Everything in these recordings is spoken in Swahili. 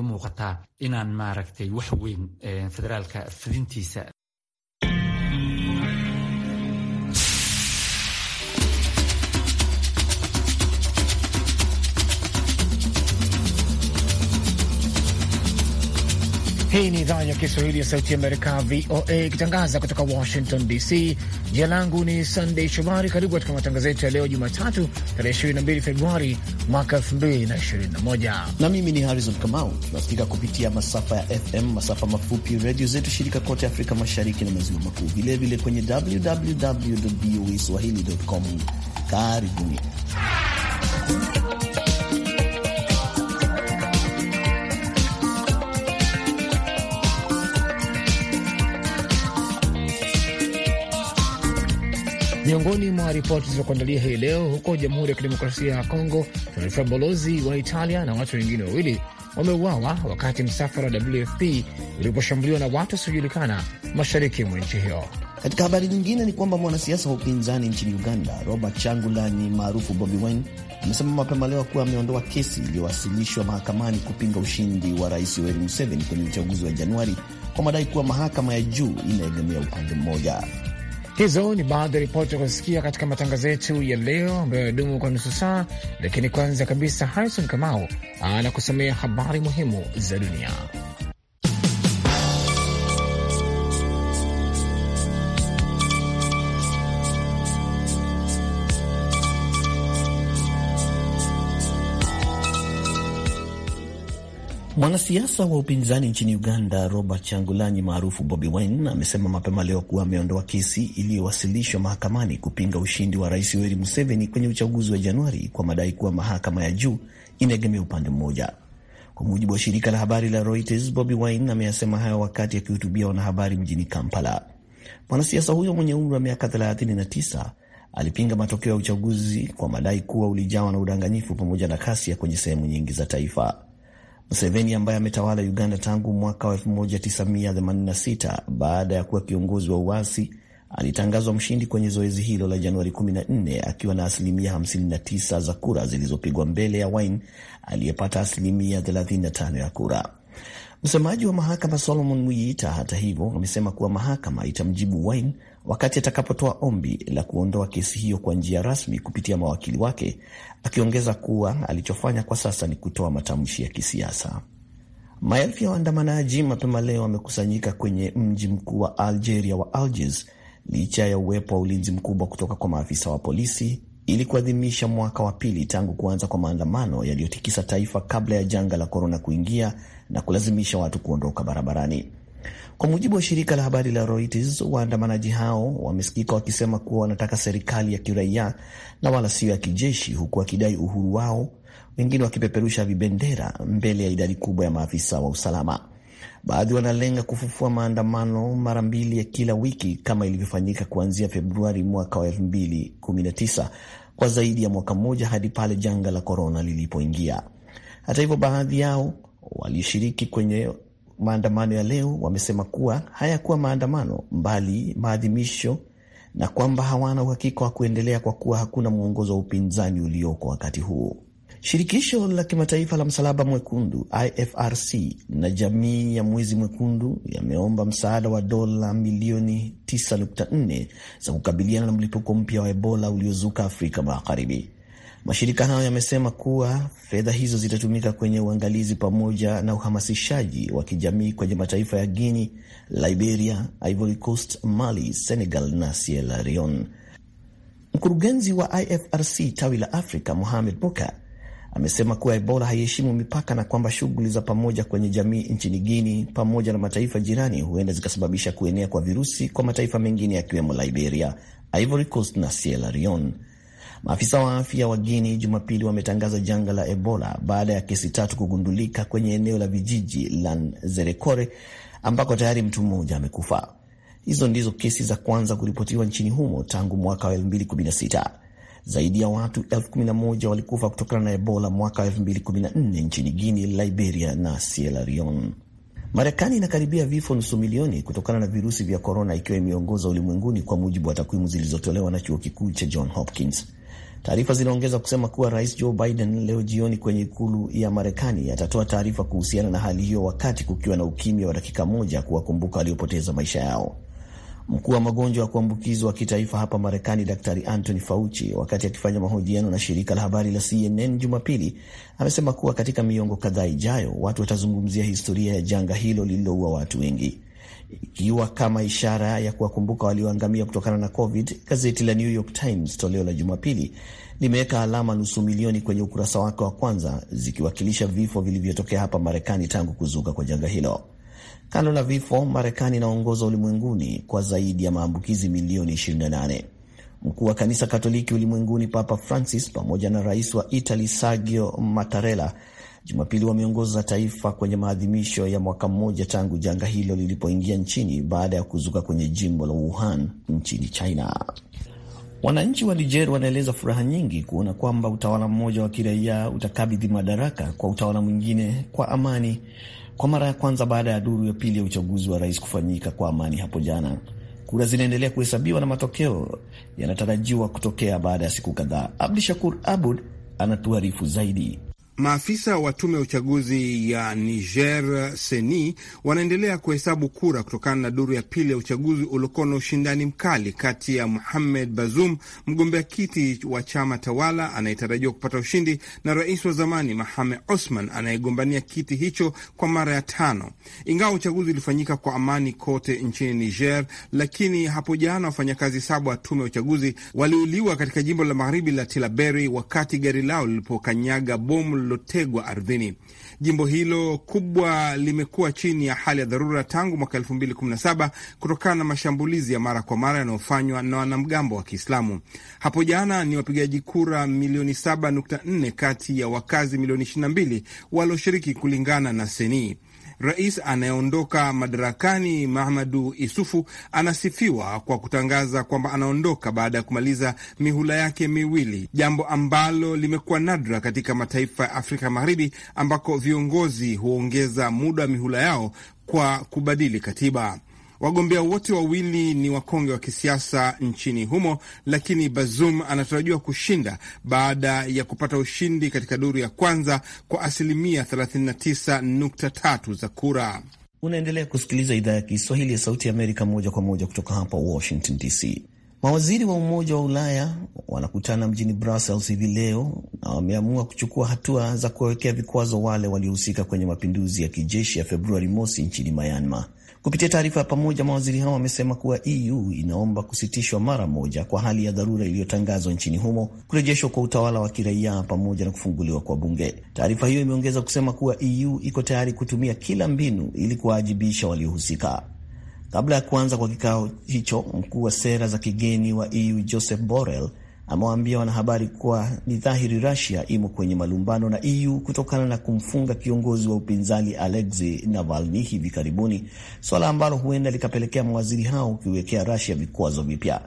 umuuqataa inaan maaragtay wax weyn federaalka fidintiisa Hii ni idhaa ya Kiswahili ya Sauti Amerika, VOA, ikitangaza kutoka Washington DC. Jina langu ni Sandey Shomari. Karibu katika matangazo yetu ya leo Jumatatu, tarehe 22 Februari mwaka 2021, na mimi ni Harrison Kamau. Tunasikika kupitia masafa ya FM, masafa mafupi, redio zetu shirika kote Afrika Mashariki na Maziwa Makuu, vilevile kwenye www voa Karibuni. Miongoni mwa ripoti zilizokuandalia hii leo, huko Jamhuri ya Kidemokrasia ya Kongo, taarifa balozi wa Italia na watu wengine wawili wameuawa wakati msafara wa WFP uliposhambuliwa na watu wasiojulikana mashariki mwa nchi hiyo. Katika habari nyingine ni kwamba mwanasiasa wa upinzani nchini Uganda, Robert Changulanyi maarufu Bobi Wine, amesema mapema leo kuwa ameondoa kesi iliyowasilishwa mahakamani kupinga ushindi wa Rais Yoweri Museveni kwenye uchaguzi wa Januari kwa madai kuwa mahakama ya juu inaegemea upande mmoja. Hizo ni baadhi ya ripoti kusikia katika matangazo yetu ya leo ambayo yanadumu kwa nusu saa, lakini kwanza kabisa, Harrison Kamau anakusomea habari muhimu za dunia. Mwanasiasa wa upinzani nchini Uganda Robert Changulanyi maarufu Bobi Wine amesema mapema leo kuwa ameondoa kesi iliyowasilishwa mahakamani kupinga ushindi wa Rais Yoweri Museveni kwenye uchaguzi wa Januari kwa madai kuwa mahakama ya juu inaegemea upande mmoja. Kwa mujibu wa shirika la habari la Reuters, Bobi Wine ameyasema hayo wakati akihutubia wanahabari mjini Kampala. Mwanasiasa huyo mwenye umri wa miaka 39 alipinga matokeo ya uchaguzi kwa madai kuwa ulijawa na udanganyifu pamoja na kasia kwenye sehemu nyingi za taifa. Museveni ambaye ametawala Uganda tangu mwaka wa 1986 baada ya kuwa kiongozi wa uasi alitangazwa mshindi kwenye zoezi hilo la Januari 14 akiwa na asilimia 59 za kura zilizopigwa mbele ya Wine aliyepata asilimia 35 ya kura. Msemaji wa mahakama Solomon Muyita, hata hivyo, amesema kuwa mahakama itamjibu Wine wakati atakapotoa ombi la kuondoa kesi hiyo kwa njia rasmi kupitia mawakili wake, akiongeza kuwa alichofanya kwa sasa ni kutoa matamshi ya kisiasa. Maelfu ya waandamanaji mapema leo wamekusanyika kwenye mji mkuu wa Algeria wa Algiers licha ya uwepo wa ulinzi mkubwa kutoka kwa maafisa wa polisi ili kuadhimisha mwaka wa pili tangu kuanza kwa maandamano yaliyotikisa taifa kabla ya janga la korona kuingia na kulazimisha watu kuondoka barabarani. Kwa mujibu wa shirika la habari la Reuters, waandamanaji hao wamesikika wakisema kuwa wanataka serikali ya kiraia na wala sio ya kijeshi, huku wakidai uhuru wao, wengine wakipeperusha vibendera mbele ya idadi kubwa ya maafisa wa usalama. Baadhi wanalenga kufufua maandamano mara mbili ya kila wiki kama ilivyofanyika kuanzia Februari mwaka wa 2019 kwa zaidi ya mwaka mmoja hadi pale janga la korona lilipoingia. Hata hivyo, baadhi yao walishiriki kwenye maandamano ya leo wamesema kuwa hayakuwa maandamano mbali maadhimisho na kwamba hawana uhakika wa kuendelea kwa kuwa hakuna mwongozo wa upinzani ulioko wakati huo. Shirikisho la kimataifa la Msalaba Mwekundu IFRC na jamii ya Mwezi Mwekundu yameomba msaada wa dola milioni 9.4 za kukabiliana na mlipuko mpya wa Ebola uliozuka Afrika Magharibi. Mashirika hayo yamesema kuwa fedha hizo zitatumika kwenye uangalizi pamoja na uhamasishaji wa kijamii kwenye mataifa ya Guinea, Liberia, Ivory Coast, Mali, Senegal na Sierra Leone. Mkurugenzi wa IFRC tawi la Afrika, Mohamed Boka, amesema kuwa Ebola haiheshimu mipaka na kwamba shughuli za pamoja kwenye jamii nchini Guinea pamoja na mataifa jirani huenda zikasababisha kuenea kwa virusi kwa mataifa mengine yakiwemo Liberia, Ivory Coast na Sierra Leone. Maafisa wa afya wa guini Jumapili wametangaza janga la Ebola baada ya kesi tatu kugundulika kwenye eneo la vijiji la Nzerekore ambako tayari mtu mmoja amekufa. Hizo ndizo kesi za kwanza kuripotiwa nchini humo tangu mwaka wa 2016. Zaidi ya watu 11 walikufa kutokana na Ebola mwaka wa 2014 nchini guini Liberia na Sierra Leone. Marekani inakaribia vifo nusu milioni kutokana na virusi vya korona, ikiwa imeongoza ulimwenguni kwa mujibu wa takwimu zilizotolewa na chuo kikuu cha John Hopkins. Taarifa zinaongeza kusema kuwa rais Joe Biden leo jioni kwenye ikulu ya Marekani atatoa taarifa kuhusiana na hali hiyo, wakati kukiwa na ukimya wa dakika moja kuwakumbuka waliopoteza maisha yao. Mkuu wa magonjwa ya kuambukizwa wa kitaifa hapa Marekani, Daktari Anthony Fauci, wakati akifanya mahojiano na shirika la habari la CNN Jumapili, amesema kuwa katika miongo kadhaa ijayo watu watazungumzia historia ya janga hilo lililoua watu wengi ikiwa kama ishara ya kuwakumbuka walioangamia kutokana na COVID. Gazeti la New York Times toleo la Jumapili limeweka alama nusu milioni kwenye ukurasa wake wa kwanza zikiwakilisha vifo vilivyotokea hapa Marekani tangu kuzuka kwa janga hilo. Kando na vifo, Marekani inaongoza ulimwenguni kwa zaidi ya maambukizi milioni 28. Mkuu wa kanisa Katoliki ulimwenguni Papa Francis pamoja na rais wa Italy Sergio Mattarella Jumapili wameongoza taifa kwenye maadhimisho ya mwaka mmoja tangu janga hilo lilipoingia nchini baada ya kuzuka kwenye jimbo la Wuhan nchini China. Wananchi wa Niger wanaeleza furaha nyingi kuona kwamba utawala mmoja wa kiraia utakabidhi madaraka kwa utawala mwingine kwa amani kwa mara ya kwanza baada ya duru ya pili ya uchaguzi wa rais kufanyika kwa amani hapo jana. Kura zinaendelea kuhesabiwa na matokeo yanatarajiwa kutokea baada ya siku kadhaa. Abdi Shakur Abud anatuarifu zaidi. Maafisa wa tume ya uchaguzi ya Niger Seni wanaendelea kuhesabu kura kutokana na duru ya pili ya uchaguzi uliokuwa na ushindani mkali kati ya Muhamed bazum mgombea kiti wa chama tawala anayetarajiwa kupata ushindi, na rais wa zamani Mahame Osman anayegombania kiti hicho kwa mara ya tano. Ingawa uchaguzi ulifanyika kwa amani kote nchini Niger, lakini hapo jana wafanyakazi saba wa tume ya uchaguzi waliuliwa katika jimbo la magharibi la Tilaberi wakati gari lao lilipokanyaga bomu lililotegwa ardhini. Jimbo hilo kubwa limekuwa chini ya hali ya dharura tangu mwaka 2017 kutokana na mashambulizi ya mara kwa mara yanayofanywa na wanamgambo wa Kiislamu. Hapo jana ni wapigaji kura milioni 7.4 kati ya wakazi milioni 22 walioshiriki kulingana na Senii. Rais anayeondoka madarakani Mahamadu Isufu anasifiwa kwa kutangaza kwamba anaondoka baada ya kumaliza mihula yake miwili, jambo ambalo limekuwa nadra katika mataifa ya Afrika Magharibi ambako viongozi huongeza muda wa mihula yao kwa kubadili katiba. Wagombea wote wawili ni wakonge wa kisiasa nchini humo, lakini Bazoum anatarajiwa kushinda baada ya kupata ushindi katika duru ya kwanza kwa asilimia 39.3 za kura. Unaendelea kusikiliza idhaa ya Kiswahili ya Sauti ya Amerika moja kwa moja kutoka hapa Washington DC. Mawaziri wa Umoja wa Ulaya wanakutana mjini Brussels hivi leo na wameamua kuchukua hatua za kuwawekea vikwazo wale waliohusika kwenye mapinduzi ya kijeshi ya Februari mosi nchini Myanmar. Kupitia taarifa ya pamoja, mawaziri hao wamesema kuwa EU inaomba kusitishwa mara moja kwa hali ya dharura iliyotangazwa nchini humo, kurejeshwa kwa utawala wa kiraia pamoja na kufunguliwa kwa bunge. Taarifa hiyo imeongeza kusema kuwa EU iko tayari kutumia kila mbinu ili kuwaajibisha waliohusika. Kabla ya kuanza kwa kikao hicho, mkuu wa sera za kigeni wa EU Joseph Borrell amewaambia wanahabari kuwa ni dhahiri rasia imo kwenye malumbano na EU kutokana na kumfunga kiongozi wa upinzani Alexei Navalny hivi karibuni, suala ambalo huenda likapelekea mawaziri hao kuiwekea rasia vikwazo vipya.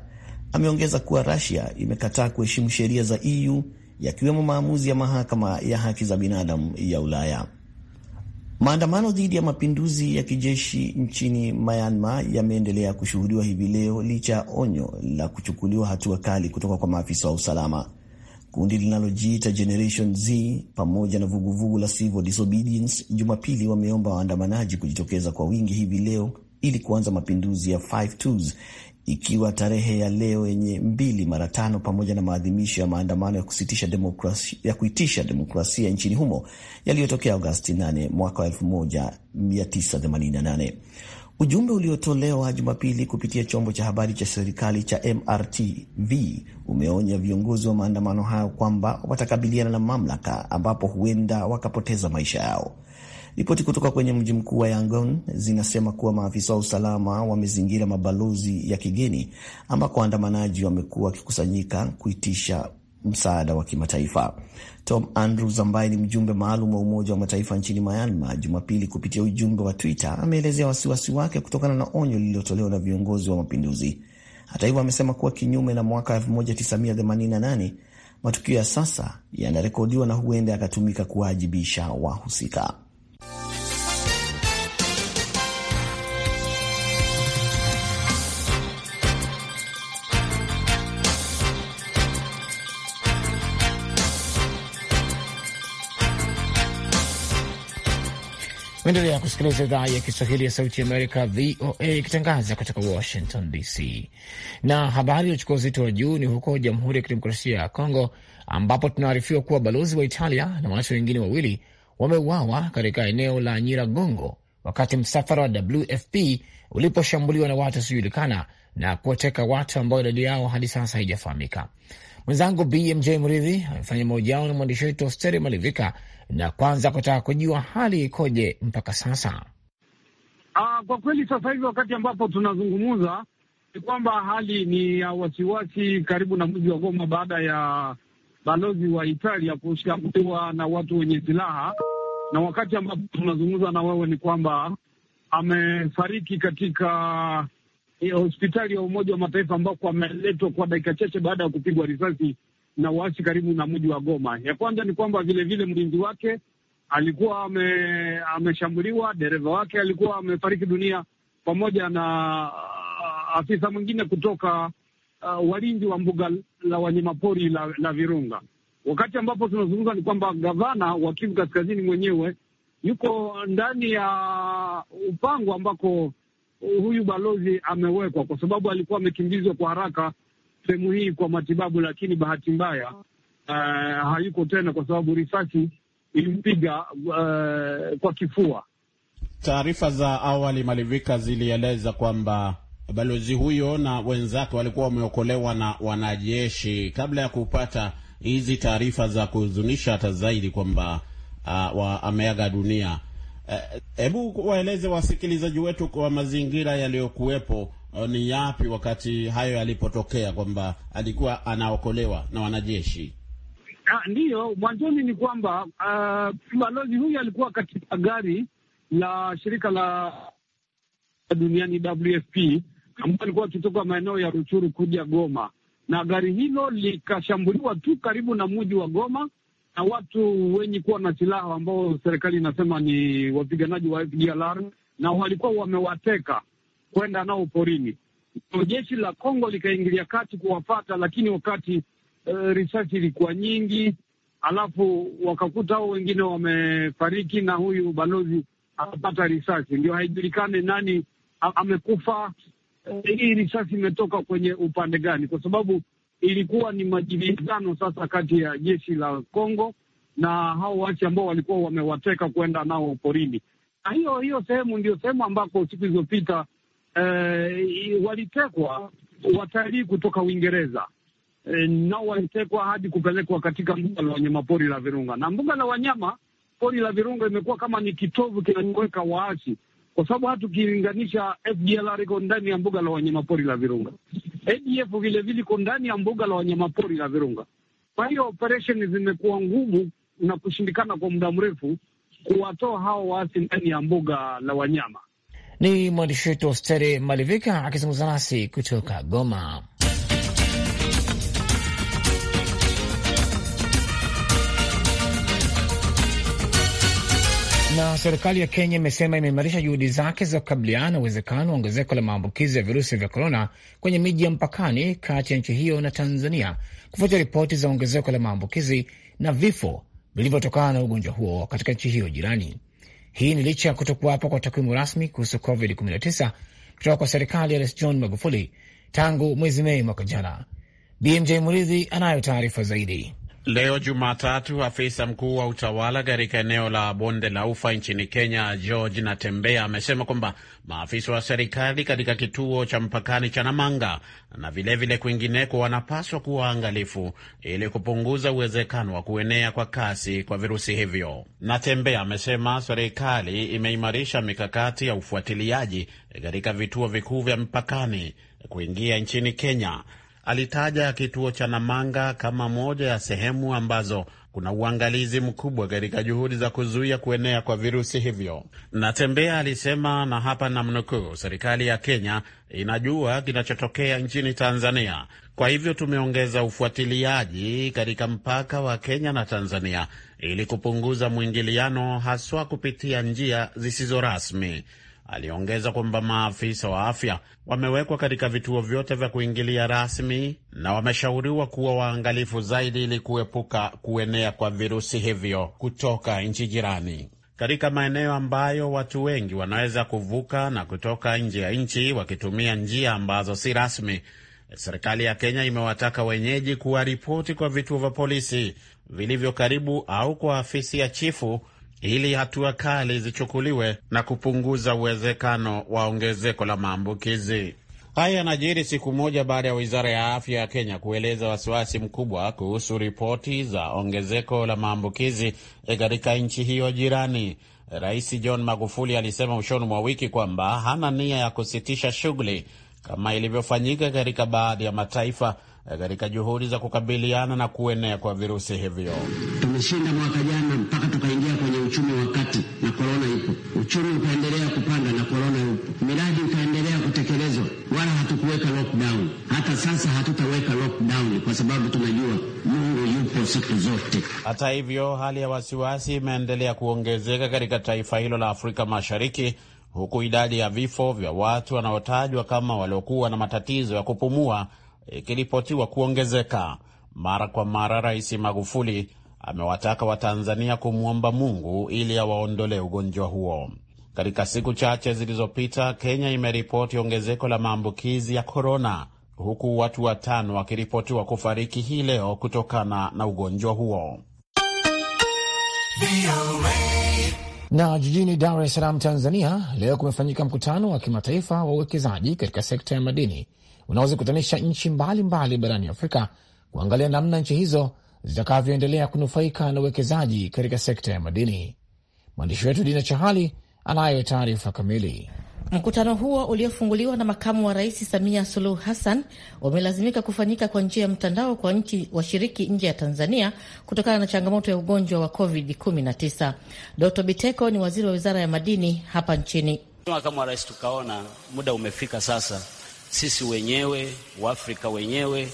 Ameongeza kuwa rasia imekataa kuheshimu sheria za EU yakiwemo maamuzi ya mahakama ya haki za binadamu ya Ulaya. Maandamano dhidi ya mapinduzi ya kijeshi nchini Myanmar yameendelea kushuhudiwa hivi leo licha ya onyo la kuchukuliwa hatua kali kutoka kwa maafisa wa usalama. Kundi linalojiita Generation Z pamoja na vuguvugu la Civil Disobedience Jumapili wameomba waandamanaji kujitokeza kwa wingi hivi leo ili kuanza mapinduzi ya 5-2s ikiwa tarehe ya leo yenye mbili mara tano pamoja na maadhimisho ya maandamano ya kusitisha ya kuitisha demokrasia nchini humo yaliyotokea Agosti 8 mwaka 1988. Ujumbe uliotolewa Jumapili kupitia chombo cha habari cha serikali cha MRTV umeonya viongozi wa maandamano hayo kwamba watakabiliana na mamlaka ambapo huenda wakapoteza maisha yao. Ripoti kutoka kwenye mji mkuu wa Yangon zinasema kuwa maafisa wa usalama wamezingira mabalozi ya kigeni ambako waandamanaji wamekuwa wakikusanyika kuitisha msaada wa kimataifa. Tom Andrews ambaye ni mjumbe maalum wa Umoja wa Mataifa nchini Myanmar, Jumapili kupitia ujumbe wa Twitter ameelezea wasiwasi wake kutokana na onyo lililotolewa na viongozi wa mapinduzi. Hata hivyo, amesema kuwa kinyume na mwaka 1988 matukio ya sasa yanarekodiwa na huenda yakatumika kuwaajibisha wahusika. maendelea kusikiliza idhaa ya Kiswahili ya Sauti ya Amerika, VOA, ikitangaza kutoka Washington DC. Na habari uchukua uzito wa juu ni huko Jamhuri ya Kidemokrasia ya Kongo, ambapo tunaarifiwa kuwa balozi wa Italia na watu wengine wawili wameuawa katika eneo la Nyiragongo wakati msafara wa WFP uliposhambuliwa na watu wasiojulikana na kuwateka watu ambao idadi yao hadi sasa haijafahamika. Mwenzangu BMJ Mridhi amefanya mahojiano na mwandishi wetu Osteri Malivika na kwanza kutaka kujua hali ikoje mpaka sasa. Aa, ah, kwa kweli sasa hivi wakati ambapo tunazungumza ni kwamba hali ni ya wasiwasi karibu na mji wa Goma baada ya balozi wa Italia kushambuliwa na watu wenye silaha, na wakati ambapo tunazungumza na wewe ni kwamba amefariki katika Eh, hospitali ya Umoja wa Mataifa ambako ameletwa kwa dakika chache baada ya kupigwa risasi na waasi karibu na mji wa Goma. Ya kwanza ni kwamba vilevile mlinzi wake alikuwa ame, ameshambuliwa, dereva wake alikuwa amefariki dunia pamoja na uh, afisa mwingine kutoka uh, walinzi wa mbuga la wanyamapori la, la Virunga. Wakati ambapo tunazungumza ni kwamba gavana wa Kivu Kaskazini mwenyewe yuko ndani ya uh, upango ambako huyu balozi amewekwa, kwa sababu alikuwa amekimbizwa kwa haraka sehemu hii kwa matibabu, lakini bahati mbaya uh, hayuko tena kwa sababu risasi ilimpiga uh, kwa kifua. Taarifa za awali Malivika zilieleza kwamba balozi huyo na wenzake walikuwa wameokolewa na wanajeshi. Kabla ya kupata hizi taarifa za kuhuzunisha hata zaidi kwamba uh, ameaga dunia Eh, hebu uh, waeleze wasikilizaji wetu kwa mazingira yaliyokuwepo eh, ni yapi wakati hayo yalipotokea kwamba alikuwa anaokolewa na wanajeshi? Ah, Ndiyo, mwanzoni ni kwamba ah, balozi uh, huyu alikuwa katika gari la shirika la duniani WFP ambao alikuwa akitoka maeneo ya Ruchuru kuja Goma, na gari hilo likashambuliwa tu karibu na mji wa Goma na watu wenye kuwa na silaha ambao serikali inasema ni wapiganaji wa FDLR na walikuwa wamewateka kwenda nao porini. Jeshi la Kongo likaingilia kati kuwafata, lakini wakati e, risasi ilikuwa nyingi, alafu wakakuta hao wengine wamefariki na huyu balozi akapata risasi, ndio haijulikane nani amekufa. E, hii risasi imetoka kwenye upande gani? Kwa sababu ilikuwa ni majibizano sasa kati ya jeshi la Kongo na hao waasi ambao walikuwa wamewateka kwenda nao porini, na hiyo hiyo sehemu ndio sehemu ambako siku zilizopita eh, walitekwa watalii kutoka Uingereza e, nao walitekwa hadi kupelekwa katika mbuga la wanyamapori la Virunga, na mbuga la wanyama pori la Virunga imekuwa kama ni kitovu kinachoweka waasi, kwa sababu hata ukilinganisha FDLR iko ndani ya mbuga la wanyamapori la Virunga. ADF e vilevile iko ndani ya mbuga la wanyamapori la Virunga. Kwa hiyo operesheni zimekuwa ngumu na kushindikana kwa muda mrefu kuwatoa hao waasi ndani ya mbuga la wanyama. Ni mwandishi wetu Ostere Malivika akizungumza nasi kutoka Goma. Na serikali ya Kenya imesema imeimarisha juhudi zake za kukabiliana na uwezekano wa ongezeko la maambukizi ya virusi vya korona kwenye miji ya mpakani kati ya nchi hiyo na Tanzania kufuatia ripoti za ongezeko la maambukizi na vifo vilivyotokana na ugonjwa huo katika nchi hiyo jirani. Hii ni licha ya kutokuwapo kwa takwimu rasmi kuhusu COVID-19 kutoka kwa serikali ya Rais John Magufuli tangu mwezi Mei mwaka jana. BMJ Muridhi anayo taarifa zaidi. Leo Jumatatu, afisa mkuu wa utawala katika eneo la bonde la ufa nchini Kenya, George Natembea, amesema kwamba maafisa wa serikali katika kituo cha mpakani cha Namanga na vilevile kwingineko wanapaswa kuwa angalifu ili kupunguza uwezekano wa kuenea kwa kasi kwa virusi hivyo. Natembea amesema serikali imeimarisha mikakati ya ufuatiliaji katika vituo vikuu vya mpakani kuingia nchini Kenya alitaja kituo cha Namanga kama moja ya sehemu ambazo kuna uangalizi mkubwa katika juhudi za kuzuia kuenea kwa virusi hivyo. Natembea alisema, na hapa namnukuu, serikali ya Kenya inajua kinachotokea nchini Tanzania, kwa hivyo tumeongeza ufuatiliaji katika mpaka wa Kenya na Tanzania ili kupunguza mwingiliano, haswa kupitia njia zisizo rasmi. Aliongeza kwamba maafisa wa afya wamewekwa katika vituo vyote vya kuingilia rasmi na wameshauriwa kuwa waangalifu zaidi ili kuepuka kuenea kwa virusi hivyo kutoka nchi jirani. Katika maeneo ambayo watu wengi wanaweza kuvuka na kutoka nje ya nchi wakitumia njia ambazo si rasmi, serikali ya Kenya imewataka wenyeji kuwaripoti kwa vituo vya polisi vilivyo karibu au kwa afisi ya chifu ili hatua kali zichukuliwe na kupunguza uwezekano wa ongezeko la maambukizi. Haya yanajiri siku moja baada ya wizara ya afya ya Kenya kueleza wasiwasi mkubwa kuhusu ripoti za ongezeko la maambukizi e, katika nchi hiyo jirani. Rais John Magufuli alisema mwishoni mwa wiki kwamba hana nia ya kusitisha shughuli kama ilivyofanyika katika baadhi ya mataifa e, katika juhudi za kukabiliana na kuenea kwa virusi hivyo. Tumeshinda mwaka jana mpaka tukaingia uchumi wa kati na korona ipo, uchumi ukaendelea kupanda na korona ipo, miradi ikaendelea kutekelezwa, wala hatukuweka lockdown. Hata sasa hatutaweka lockdown kwa sababu tunajua Mungu yupo siku zote. Hata hivyo, hali ya wasiwasi imeendelea kuongezeka katika taifa hilo la Afrika Mashariki, huku idadi ya vifo vya watu wanaotajwa kama waliokuwa na matatizo ya kupumua ikiripotiwa kuongezeka mara kwa mara. Rais Magufuli amewataka Watanzania kumwomba Mungu ili awaondolee ugonjwa huo. Katika siku chache zilizopita, Kenya imeripoti ongezeko la maambukizi ya korona, huku watu watano wakiripotiwa kufariki hii leo kutokana na ugonjwa huo. Na jijini Dar es Salaam, Tanzania, leo kumefanyika mkutano wa kimataifa wa uwekezaji katika sekta ya madini unaozikutanisha nchi mbalimbali barani Afrika kuangalia namna nchi hizo zitakavyoendelea kunufaika na uwekezaji katika sekta ya madini. Mwandishi wetu Dina Chahali anayo taarifa kamili. Mkutano huo uliofunguliwa na makamu wa rais Samia Suluhu Hassan umelazimika kufanyika kwa njia ya mtandao kwa nchi washiriki nje ya Tanzania kutokana na changamoto ya ugonjwa wa COVID-19. Dkt Biteko ni waziri wa wizara ya madini hapa nchini. Makamu wa rais, tukaona muda umefika sasa sisi wenyewe Waafrika wenyewe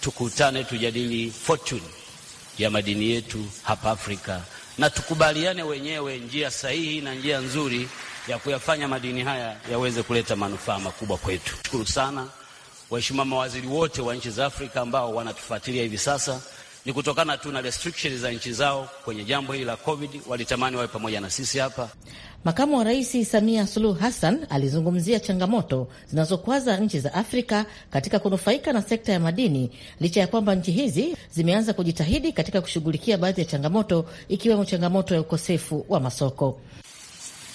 tukutane, tujadili fortune ya madini yetu hapa Afrika, na tukubaliane wenyewe njia sahihi na njia nzuri ya kuyafanya madini haya yaweze kuleta manufaa makubwa kwetu. Shukuru sana waheshimiwa mawaziri wote wa nchi za Afrika ambao wanatufuatilia hivi sasa ni kutokana tu na restrictions za nchi zao kwenye jambo hili la COVID. Walitamani wawe pamoja na sisi hapa. Makamu wa Rais Samia Suluhu Hassan alizungumzia changamoto zinazokwaza nchi za Afrika katika kunufaika na sekta ya madini, licha ya kwamba nchi hizi zimeanza kujitahidi katika kushughulikia baadhi ya changamoto, ikiwemo changamoto ya ukosefu wa masoko.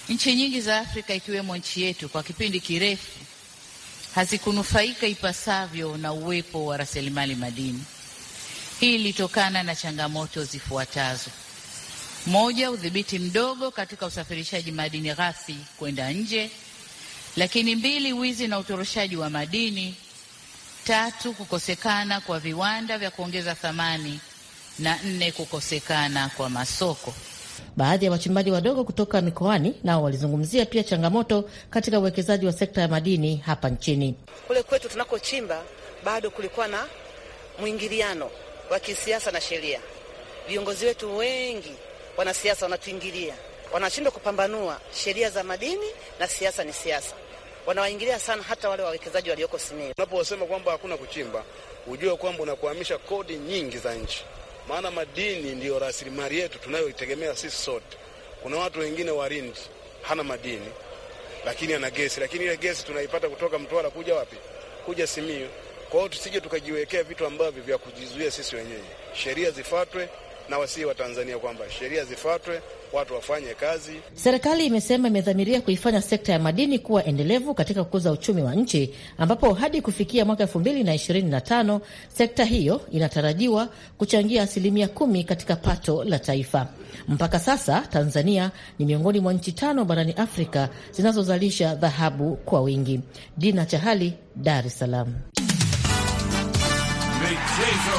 Nchi nyingi za Afrika ikiwemo nchi yetu, kwa kipindi kirefu hazikunufaika ipasavyo na uwepo wa rasilimali madini. Hii ilitokana na changamoto zifuatazo: moja, udhibiti mdogo katika usafirishaji madini ghafi kwenda nje; lakini mbili, wizi na utoroshaji wa madini; tatu, kukosekana kwa viwanda vya kuongeza thamani na nne, kukosekana kwa masoko. Baadhi ya wachimbaji wadogo kutoka mikoani nao walizungumzia pia changamoto katika uwekezaji wa sekta ya madini hapa nchini. Kule kwetu tunakochimba bado kulikuwa na mwingiliano wa kisiasa na sheria. Viongozi wetu wengi, wanasiasa wanatuingilia, wanashindwa kupambanua sheria za madini na siasa. Ni siasa, wanawaingilia sana hata wale wawekezaji walioko Simei. Unaposema kwamba hakuna kuchimba, hujue kwamba unakuhamisha kodi nyingi za nchi, maana madini ndiyo rasilimali yetu tunayoitegemea sisi sote. Kuna watu wengine Warindi hana madini lakini ana gesi, lakini ile gesi tunaipata kutoka Mtwara kuja wapi? Kuja Simiyu. Kwa hiyo tusije tukajiwekea vitu ambavyo vya kujizuia sisi wenyewe. Sheria zifatwe na wasii wa Tanzania kwamba sheria zifatwe watu wafanye kazi. Serikali imesema imedhamiria kuifanya sekta ya madini kuwa endelevu katika kukuza uchumi wa nchi, ambapo hadi kufikia mwaka elfu mbili na ishirini na tano sekta hiyo inatarajiwa kuchangia asilimia kumi katika pato la taifa. Mpaka sasa Tanzania ni miongoni mwa nchi tano barani Afrika zinazozalisha dhahabu kwa wingi. Dina Chahali, Dar es Salaam michezo.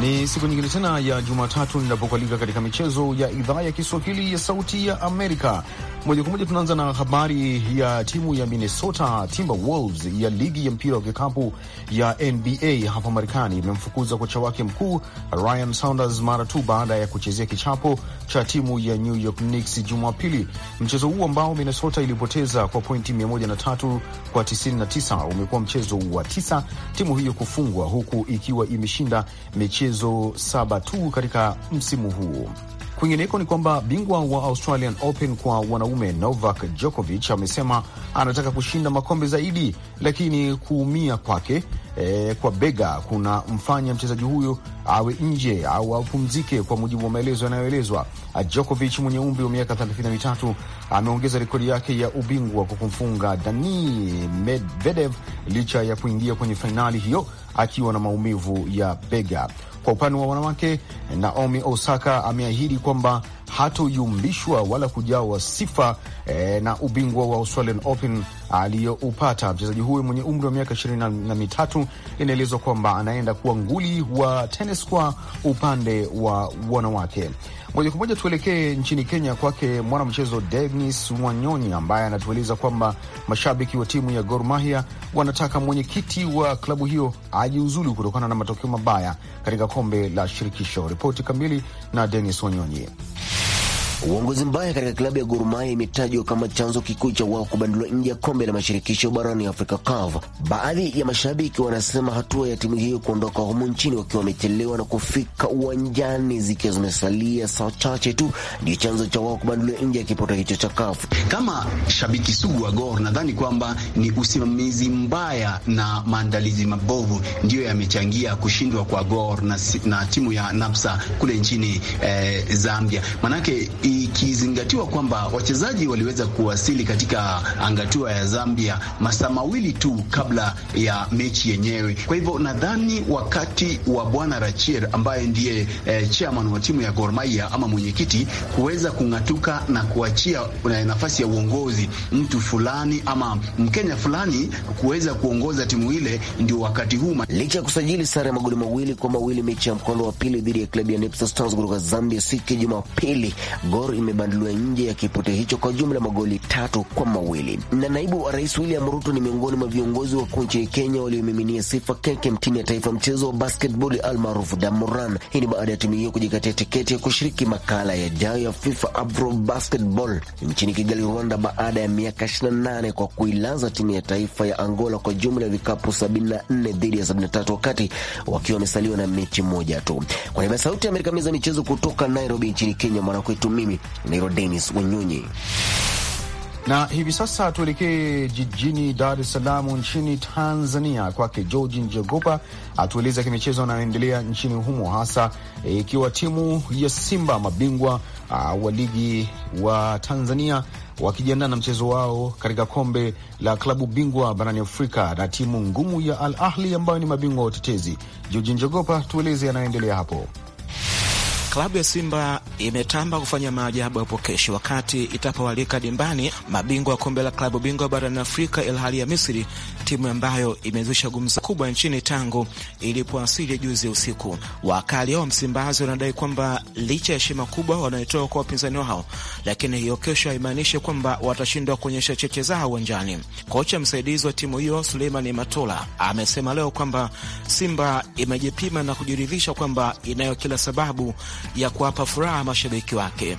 Ni siku nyingine tena ya Jumatatu ninapokualika katika michezo ya idhaa ya Kiswahili ya Sauti ya Amerika. Moja kwa moja tunaanza na habari ya timu ya Minnesota Timberwolves ya ligi ya mpira wa kikapu ya NBA hapa Marekani imemfukuza kocha wake mkuu Ryan Saunders mara tu baada ya kuchezea kichapo cha timu ya New York Knicks Jumapili. Mchezo huu ambao Minnesota ilipoteza kwa pointi 103 kwa 99 umekuwa mchezo wa tisa timu hiyo kufungwa huku ikiwa imeshinda michezo saba tu katika msimu huu. Kwingineko ni kwamba bingwa wa Australian Open kwa wanaume Novak Djokovic amesema anataka kushinda makombe zaidi, lakini kuumia kwake e, kwa bega kuna mfanya mchezaji huyo awe nje au apumzike, kwa mujibu wa maelezo yanayoelezwa. Djokovic mwenye umri wa miaka 33 ameongeza rekodi yake ya ubingwa kwa kumfunga Dani Medvedev licha ya kuingia kwenye fainali hiyo akiwa na maumivu ya bega. Kwa upande wa wanawake, Naomi Osaka ameahidi kwamba hatoyumbishwa wala kujawa sifa eh, na ubingwa wa Australian Open aliyoupata mchezaji huyo mwenye umri wa miaka ishirini na mitatu. Inaelezwa kwamba anaenda kuwa nguli wa tenis kwa upande wa wanawake. Moja kwa moja tuelekee nchini Kenya, kwake mwanamchezo Denis Wanyonyi ambaye anatueleza kwamba mashabiki wa timu ya Gor Mahia wanataka mwenyekiti wa klabu hiyo ajiuzulu kutokana na matokeo mabaya katika kombe la shirikisho. Ripoti kamili na Denis Wanyonyi. Uongozi mbaya katika klabu ya Gor Mahia imetajwa kama chanzo kikuu cha wao kubanduliwa nje ya kombe la mashirikisho barani Afrika CAF. Baadhi ya mashabiki wanasema hatua ya timu hiyo kuondoka humu nchini wakiwa wamechelewa na kufika uwanjani zikiwa zimesalia saa chache tu ndio chanzo cha wao kubanduliwa nje ya kipoto hicho cha CAF. Kama shabiki sugu wa Gor, nadhani kwamba ni usimamizi mbaya na maandalizi mabovu ndiyo yamechangia kushindwa kwa Gor na, na timu ya Napsa kule nchini eh, Zambia manake i, keys in Ikizingatiwa kwamba wachezaji waliweza kuwasili katika angatua ya Zambia masaa mawili tu kabla ya mechi yenyewe. Kwa hivyo nadhani wakati wa Bwana Rachir ambaye ndiye eh, chairman wa timu ya Gor Mahia ama mwenyekiti kuweza kung'atuka na kuachia na eh, nafasi ya uongozi mtu fulani ama Mkenya fulani kuweza kuongoza timu ile, ndio wakati huu. Licha ya kusajili sare ya magoli mawili kwa mawili mechi ya mkondo wa pili dhidi ya klabu ya Napsa Stars kutoka Zambia siku ya Jumapili, Gor imebanduliwa nje ya kipote hicho kwa jumla magoli tatu kwa mawili. Na naibu wa rais William Ruto ni miongoni mwa viongozi wakuu nchini Kenya waliomiminia sifa keke mtini timu ya taifa mchezo wa basketball almaarufu Damuran. Hii ni baada ya timu hiyo kujikatia tiketi ya kushiriki makala yajayo ya FIFA Afro Basketball nchini Kigali, Rwanda, baada ya miaka 28 kwa kuilaza timu ya taifa ya Angola kwa jumla ya vikapu 74 dhidi ya 73 wakati wakiwa wamesaliwa na mechi moja tu. Kwa niaba ya Sauti ya Amerika, meza michezo kutoka Nairobi nchini Kenya, mwanakwetu mimi Nairodeni. Denis Wanyonyi. Na hivi sasa tuelekee jijini Dar es Salaam nchini Tanzania, kwake Georgi Njogopa atueleza kimichezo anayoendelea nchini humo, hasa e, ikiwa e, timu ya Simba mabingwa uh, wa ligi wa Tanzania wakijiandaa na mchezo wao katika kombe la klabu bingwa barani Afrika na timu ngumu ya Al Ahli ambayo ni mabingwa wa utetezi. Georgi Njogopa, tueleze anayoendelea hapo. Klabu ya Simba imetamba kufanya maajabu hapo kesho wakati itapowalika dimbani mabingwa wa kombe la klabu bingwa barani Afrika ilhali ya Misri, timu ambayo imezusha gumza kubwa nchini tangu ilipoasili juzi usiku. Wakali wa Msimbazi wanadai kwamba licha ya heshima kubwa wanayotoa kwa wapinzani wao, lakini hiyo kesho haimaanishi kwamba watashindwa kuonyesha cheche zao uwanjani. Kocha msaidizi wa timu hiyo Suleimani Matola amesema leo kwamba Simba imejipima na kujiridhisha kwamba inayo kila sababu ya kuwapa furaha mashabiki wake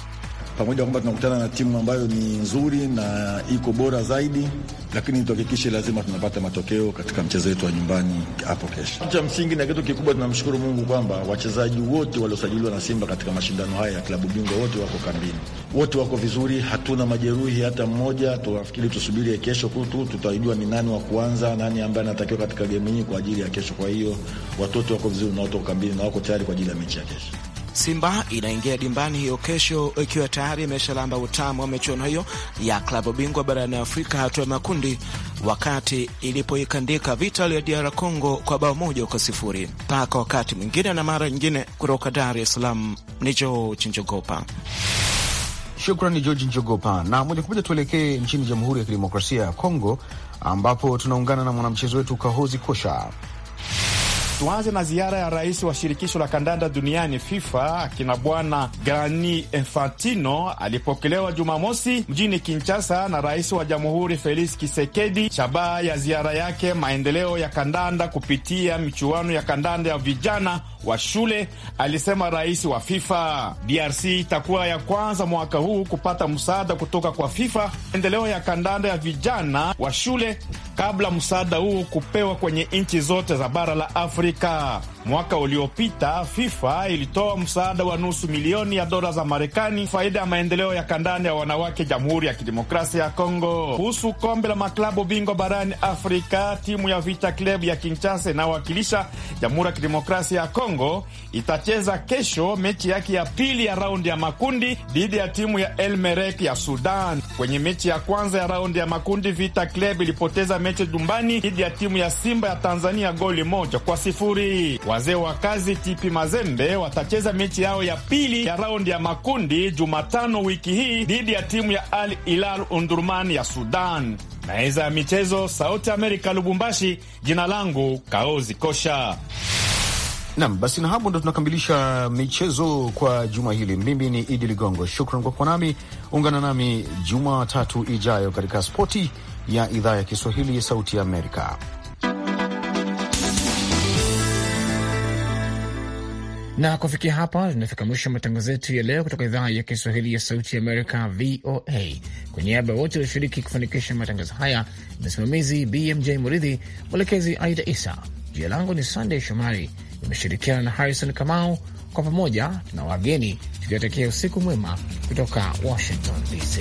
pamoja kwamba tunakutana na timu ambayo ni nzuri na iko bora zaidi, lakini tuhakikishe lazima tunapata matokeo katika mchezo wetu wa nyumbani hapo kesho. Cha msingi na kitu kikubwa, tunamshukuru Mungu kwamba wachezaji wote waliosajiliwa na Simba katika mashindano haya ya klabu bingwa wote wako kambini, wote wako vizuri, hatuna majeruhi hata mmoja. Tunafikiri tusubiri kesho kutu, tutajua ni nani wa kuanza, nani ambaye anatakiwa katika gemu hii kwa ajili ya kesho. Kwa hiyo watoto wako vizuri na wako kambini na wako tayari kwa ajili ya mechi ya kesho. Simba inaingia dimbani hiyo kesho ikiwa tayari imeshalamba utamu wa michuano hiyo ya klabu bingwa barani Afrika hatua ya makundi, wakati ilipoikandika Vital ya DR Congo kwa bao moja kwa sifuri. Mpaka wakati mwingine na mara nyingine, kutoka Dar es Salaam ni George Njogopa. Shukrani George Njogopa. Na moja kwa moja tuelekee nchini Jamhuri ya Kidemokrasia ya Kongo, ambapo tunaungana na mwanamchezo wetu Kahozi Kosha. Tuanze na ziara ya rais wa shirikisho la kandanda duniani FIFA akina bwana Gianni Infantino alipokelewa Jumamosi mjini Kinshasa na rais wa jamhuri Felix Tshisekedi. Shabaha ya ziara yake maendeleo ya kandanda kupitia michuano ya kandanda ya vijana wa shule, alisema rais wa FIFA. DRC itakuwa ya kwanza mwaka huu kupata msaada kutoka kwa FIFA maendeleo ya kandanda ya vijana wa shule, kabla msaada huu kupewa kwenye nchi zote za bara la Afrika África. Mwaka uliopita FIFA ilitoa msaada wa nusu milioni ya dola za Marekani, faida ya maendeleo ya kandanda ya wanawake Jamhuri ya Kidemokrasia ya Kongo. Kuhusu kombe la maklabu bingwa barani Afrika, timu ya Vita Club ya Kinshasa inayowakilisha Jamhuri ya Kidemokrasia ya Kongo itacheza kesho mechi yake ya pili ya raundi ya makundi dhidi ya timu ya El Merek ya Sudan. Kwenye mechi ya kwanza ya raundi ya makundi, Vita Club ilipoteza mechi nyumbani dhidi ya timu ya Simba ya Tanzania goli moja kwa sifuri. Wazee wa kazi Tipi Mazembe watacheza mechi yao ya pili ya raundi ya makundi Jumatano wiki hii dhidi ya timu ya Al Hilal Undurman ya Sudan. naeza ya michezo, Sauti Amerika, Lubumbashi. Jina langu Kaozi Kosha. Nam basi, na hapo ndo tunakamilisha michezo kwa juma hili. Mimi ni Idi Ligongo, shukran kwa kuwa nami. Ungana nami Jumatatu ijayo katika spoti ya idhaa ya Kiswahili ya Sauti ya Amerika. Na kufikia hapa tunafika mwisho matangazo yetu ya leo kutoka idhaa ya Kiswahili ya Sauti ya Amerika, VOA. Kwa niaba ya wote walioshiriki kufanikisha matangazo haya, msimamizi BMJ Muridhi, mwelekezi Aida Isa. Jina langu ni Sandey Shomari, imeshirikiana na Harrison Kamau. Kwa pamoja tuna wageni tukiwatakia usiku mwema kutoka Washington DC.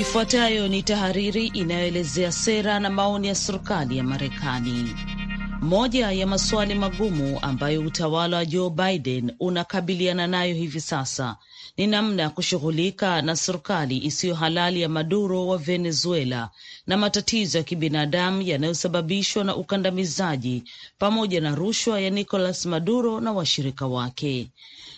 Ifuatayo ni tahariri inayoelezea sera na maoni ya serikali ya Marekani. Moja ya masuali magumu ambayo utawala wa Joe Biden unakabiliana nayo hivi sasa ni namna ya kushughulika na serikali isiyo halali ya Maduro wa Venezuela na matatizo ya kibinadamu yanayosababishwa na ukandamizaji pamoja na rushwa ya Nicolas Maduro na washirika wake.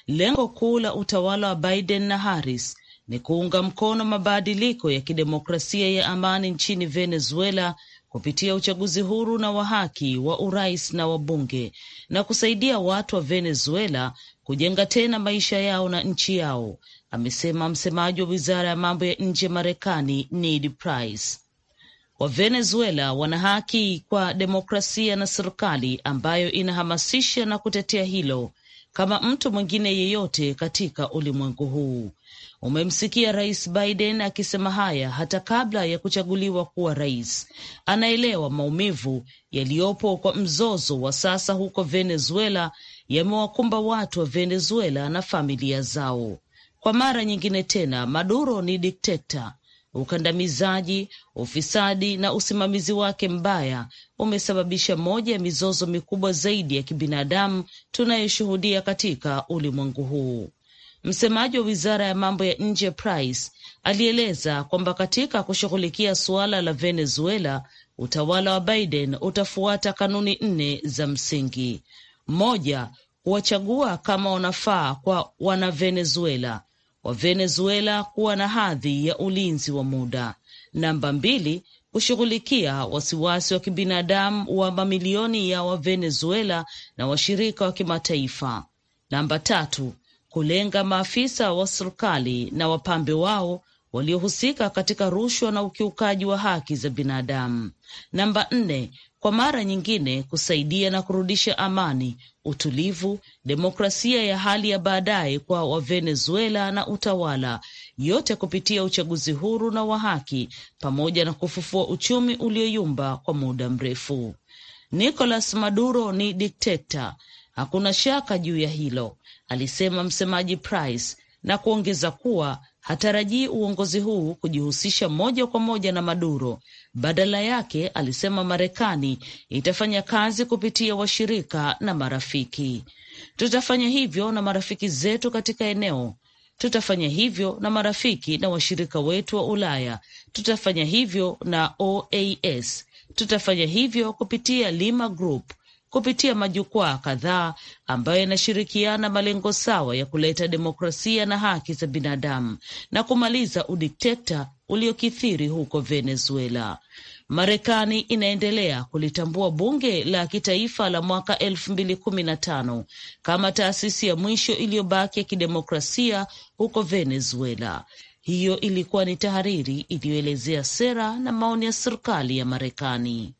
Lengo kuu la utawala wa Biden na Harris ni kuunga mkono mabadiliko ya kidemokrasia ya amani nchini Venezuela kupitia uchaguzi huru na wa haki wa urais na wabunge na kusaidia watu wa Venezuela kujenga tena maisha yao na nchi yao, amesema msemaji wa wizara ya mambo ya nje ya Marekani Ned Price. Wavenezuela wana haki kwa demokrasia na serikali ambayo inahamasisha na kutetea hilo kama mtu mwingine yeyote katika ulimwengu huu. Umemsikia Rais Biden akisema haya hata kabla ya kuchaguliwa kuwa rais. Anaelewa maumivu yaliyopo kwa mzozo wa sasa huko Venezuela, yamewakumba watu wa Venezuela na familia zao. Kwa mara nyingine tena, Maduro ni dikteta. Ukandamizaji, ufisadi na usimamizi wake mbaya umesababisha moja ya mizozo mikubwa zaidi ya kibinadamu tunayoshuhudia katika ulimwengu huu. Msemaji wa wizara ya mambo ya nje Price alieleza kwamba katika kushughulikia suala la Venezuela, utawala wa Biden utafuata kanuni nne za msingi: moja, kuwachagua kama wanafaa kwa Wanavenezuela, wavenezuela kuwa na hadhi ya ulinzi wa muda; namba mbili, kushughulikia wasiwasi wa kibinadamu wa mamilioni ya Wavenezuela na washirika wa kimataifa; namba tatu kulenga maafisa wa serikali na wapambe wao waliohusika katika rushwa na ukiukaji wa haki za binadamu. Namba nne, kwa mara nyingine kusaidia na kurudisha amani, utulivu, demokrasia ya hali ya baadaye kwa Wavenezuela na utawala, yote kupitia uchaguzi huru na wa haki, pamoja na kufufua uchumi ulioyumba kwa muda mrefu. Nicolas Maduro ni dikteta, hakuna shaka juu ya hilo, alisema msemaji Price na kuongeza kuwa hatarajii uongozi huu kujihusisha moja kwa moja na Maduro. Badala yake, alisema Marekani itafanya kazi kupitia washirika na marafiki. Tutafanya hivyo na marafiki zetu katika eneo tutafanya hivyo na marafiki na washirika wetu wa Ulaya. Tutafanya hivyo na OAS. Tutafanya hivyo kupitia Lima Group kupitia majukwaa kadhaa ambayo yanashirikiana malengo sawa ya kuleta demokrasia na haki za binadamu na kumaliza udikteta uliokithiri huko Venezuela. Marekani inaendelea kulitambua bunge la kitaifa la mwaka elfu mbili kumi na tano kama taasisi ya mwisho iliyobaki ya kidemokrasia huko Venezuela. Hiyo ilikuwa ni tahariri iliyoelezea sera na maoni ya serikali ya Marekani.